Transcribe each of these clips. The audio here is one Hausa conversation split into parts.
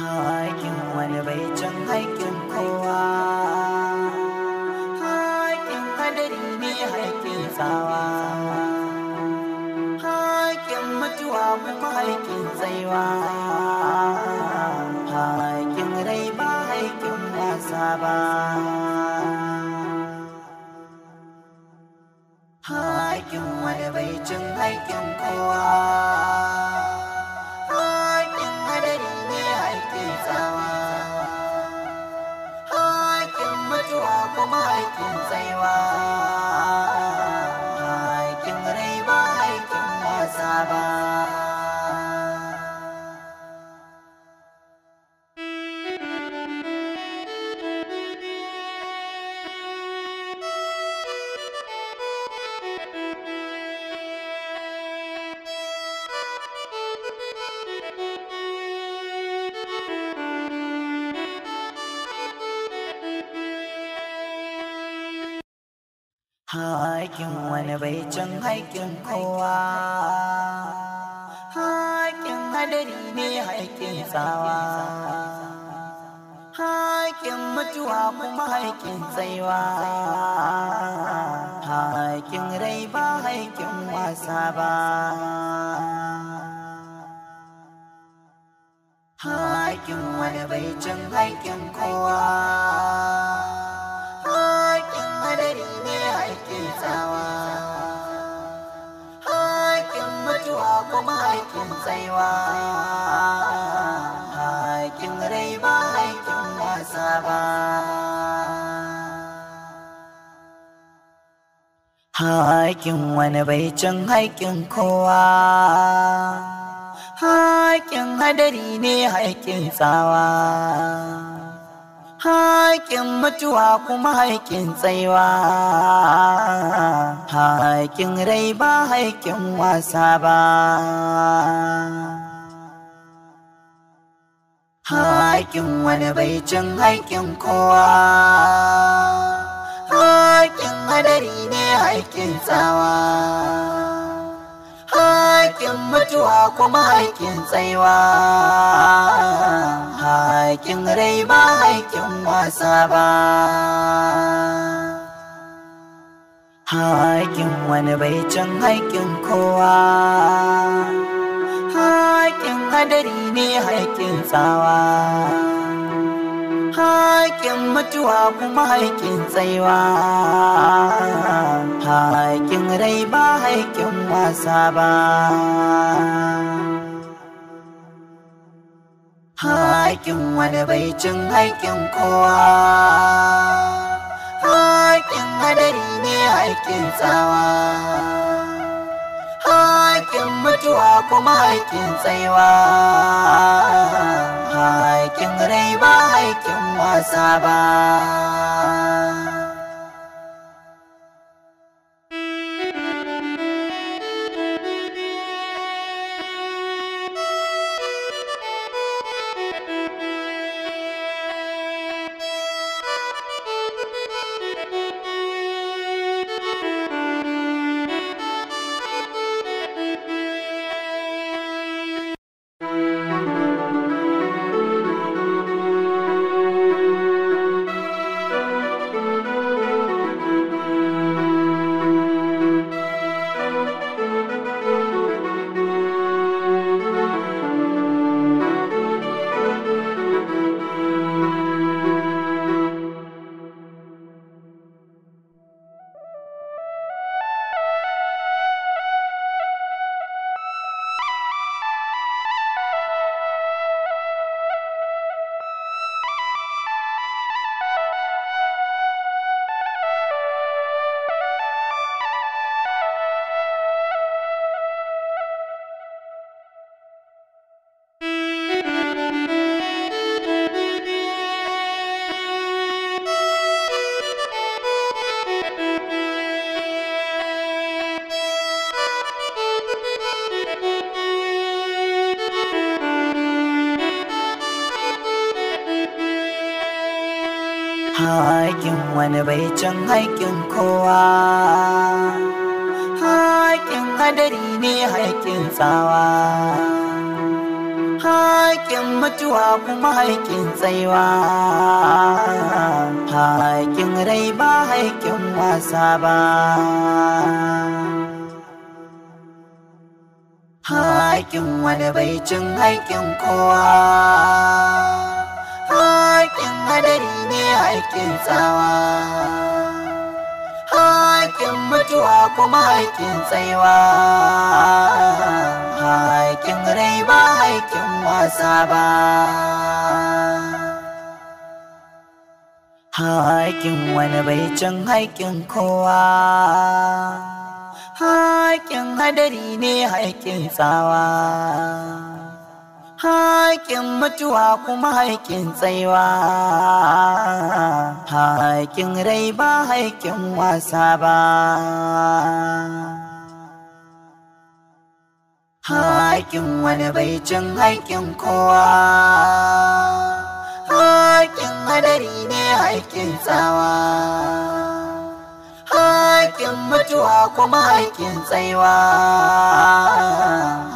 haƙin wani bai can haƙin kowa haƙin hadari ne haƙin tsawa haƙin mutuwa kuma haƙin tsaiwa haƙin rai ba haƙin nasa ba haƙin wani bai cin haƙin kowa haƙin wani bai cin haikin kowa haƙin hadari ne haikin tsawa haƙin mutuwa kuma haƙin tsaiwa haƙin rai ba haikin wasa ba haƙin wani bai cin haƙin kowa kuma aikin tsaiwa aikin rai ba aikin wasa ba Haƙin wani bai cin haƙin kowa Haƙin hadari ne haƙin tsawa haƙin mutuwa kuma haƙin tsaiwa haƙin rai ba haƙin wasa ba haƙin wani bai cin haƙin kowa haƙin hadari ne haƙin tsawa haƙƙin mutuwa kuma haƙƙin tsaiwa haƙƙin rai ba haƙƙin wasa ba haƙƙin wani bai can haƙƙin kowa haƙƙin hadari ne haƙƙin tsawa haƙin mutuwa kuma haƙin tsaiwa haƙin rai ba haƙin wasa ba haƙin wani bai cin haƙin kowa haƙin hadari ne haƙin tsawa haƙin mutuwa kuma haƙin tsaiwa haƙin rai ba haƙin wasa ba wani bai can haƙƙin kowa haƙƙin hadari ne haƙƙin tsawa haƙƙin mutuwa kuma haƙƙin tsaiwa haƙƙin rai ba haƙƙin wasa ba haƙƙin wani bai cin haƙƙin kowa haƙƙin tsawa haƙƙin mutuwa kuma haƙƙin tsaiwa haƙƙin rai ba haƙƙin wasa ba haikin wani bai cin haƙin kowa, haƙin hadari ne haƙin tsawa. haƙin mutuwa kuma haƙin tsaiwa haƙin rai ba haƙin wasa ba haƙin wani bai cin haƙin kowa haƙin hadari ne haƙin tsawa haƙin mutuwa kuma haƙin tsaiwa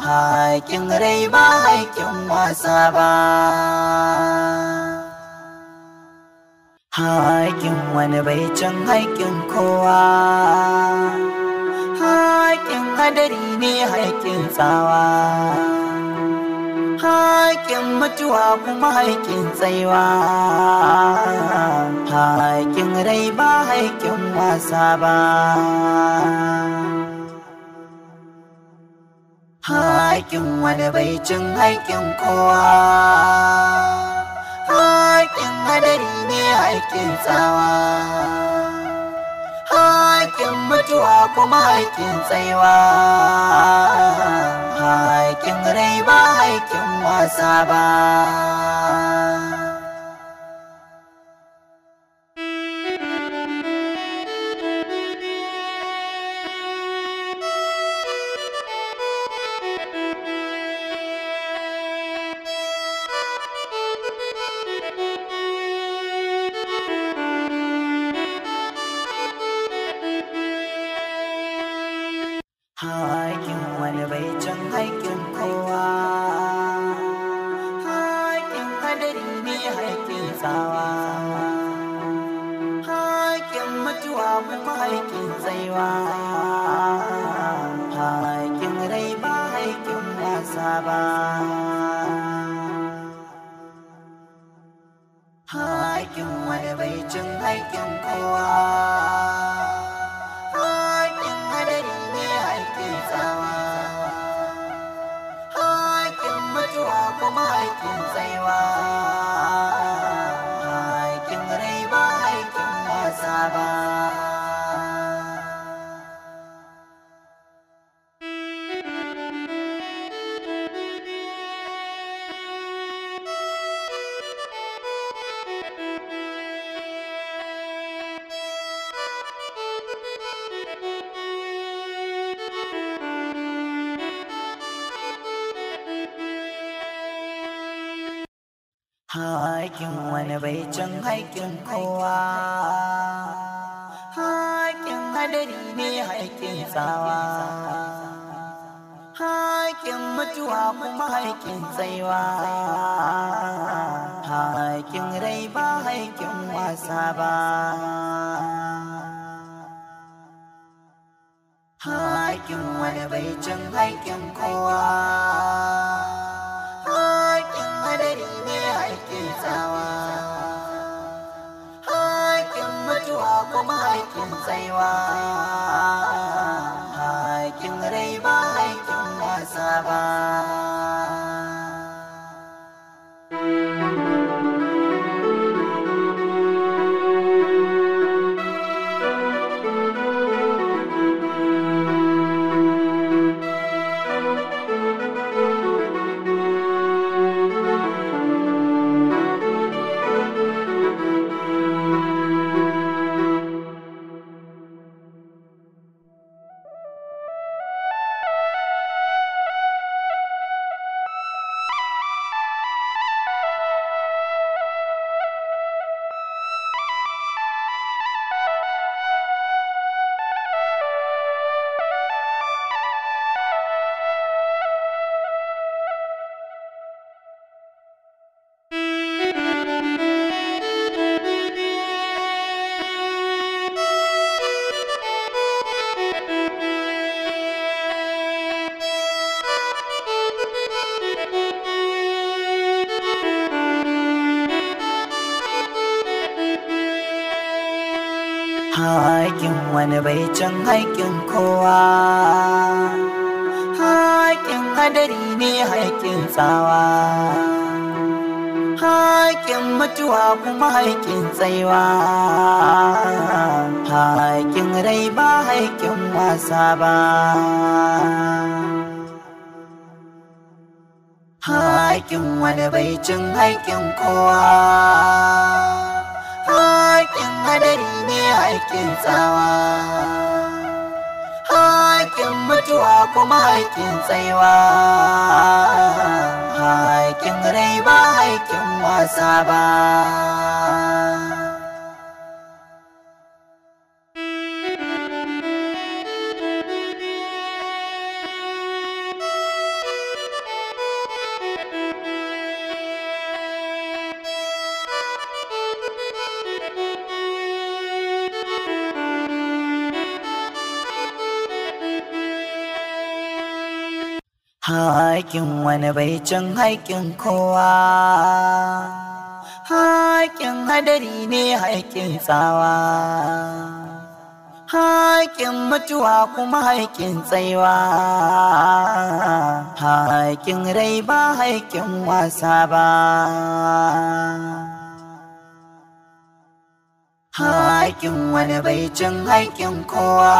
haƙin rai ba haƙin wasa ba haƙin wani bai can haƙin kowa haƙin hadari ne haƙin tsawa haƙin mutuwa kuma haƙin tsaiwa haƙin rai ba haƙin wasa ba haƙin wani bai cin haƙin kowa haƙin hadari ne haƙin tsawa haƙƙin mutuwa kuma haƙƙin tsaiwa haƙƙin rai ba haƙƙin wasa ba aikin wani bai cin aikin kowa haƙin hadari ne haƙin tsawa haƙin mutuwa kuma haikin tsaiwa haƙin rai ba haikin masa ba Hakin wani bai cin haƙin kowa. Haƙin hadari ne haƙin tsawa. Haƙin mutuwa kuma haƙin tsaiwa. Haƙin rai ba haƙin wasa ba. hakin wani bai cin haƙin kowa. mahaƙin tsaiwa haƙin rai ba haƙin wasa ba haƙin wani bai can haƙin kowa haƙin hadari ne haƙin tsawa haƙin mutuwa kuma haƙin tsaiwa haƙin rai ba haƙin wasa ba haƙin wani cin haƙin kowa haƙin hadari haƙƙin tsawa haƙƙin mutuwa kuma haƙƙin tsaiwa haƙƙin rai ba haƙƙin wasa ba haƙin wani bai cin haƙin kowa haƙin hadari ne haƙin tsawa haƙin mutuwa kuma haƙin tsaiwa haƙin rai ba haƙin wasa ba haƙin wani bai cin haƙin kowa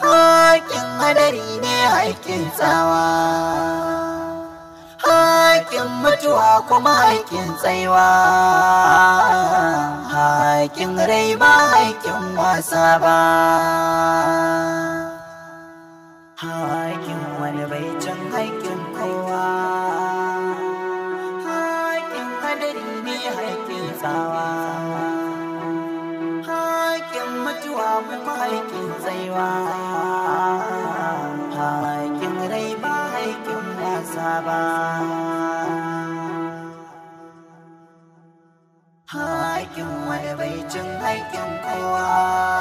haƙin hadari haƙƙin tsawa haƙƙin mutuwa kuma haƙƙin tsaiwa haƙƙin rai ba haƙƙin wasa ba haƙƙin wani bai can haƙƙin kowa haƙƙin hadari ne haƙƙin tsawa haƙƙin mutuwa kuma haƙƙin tsaiwa ba haƙin wani bai cin kowa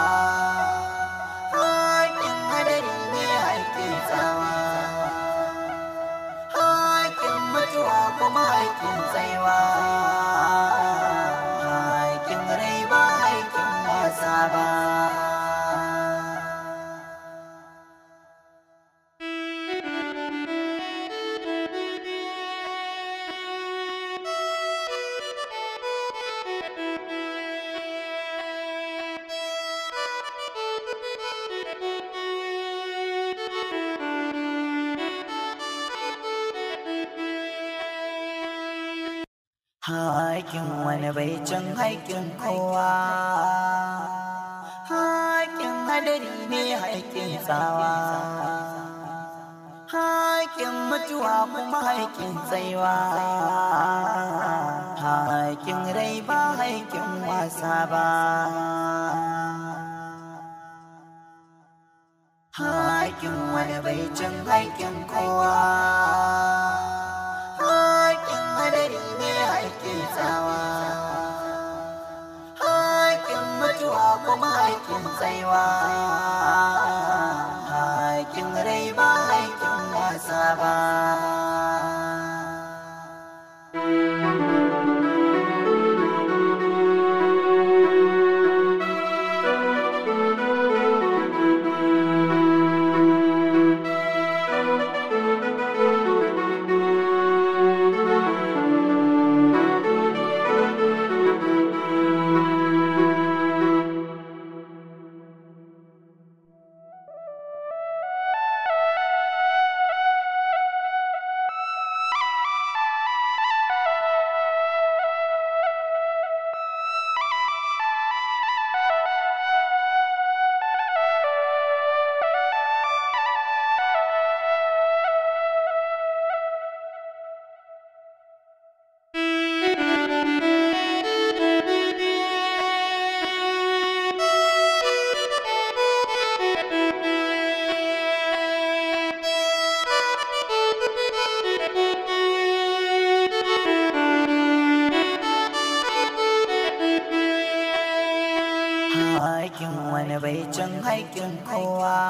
Hakin wani bai cin haƙin kowa haƙin hadari ne haƙin tsawa haƙin mutuwa kuma haƙin tsaiwa haƙin rai ba haƙin wasa ba haƙin wani bai cin haƙin kowa tsawa haƙin mutuwa kuma haƙin tsaiwa haƙin rai ba haƙin wasa ba bai cin haƙƙin kowa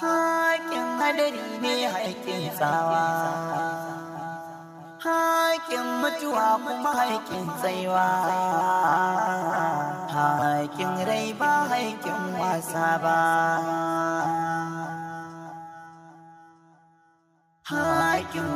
haƙƙin hadari ne haƙƙin tsawa haƙƙin mutuwa kuma haƙƙin tsaiwa haƙƙin rai ba haƙƙin wasa ba haƙƙin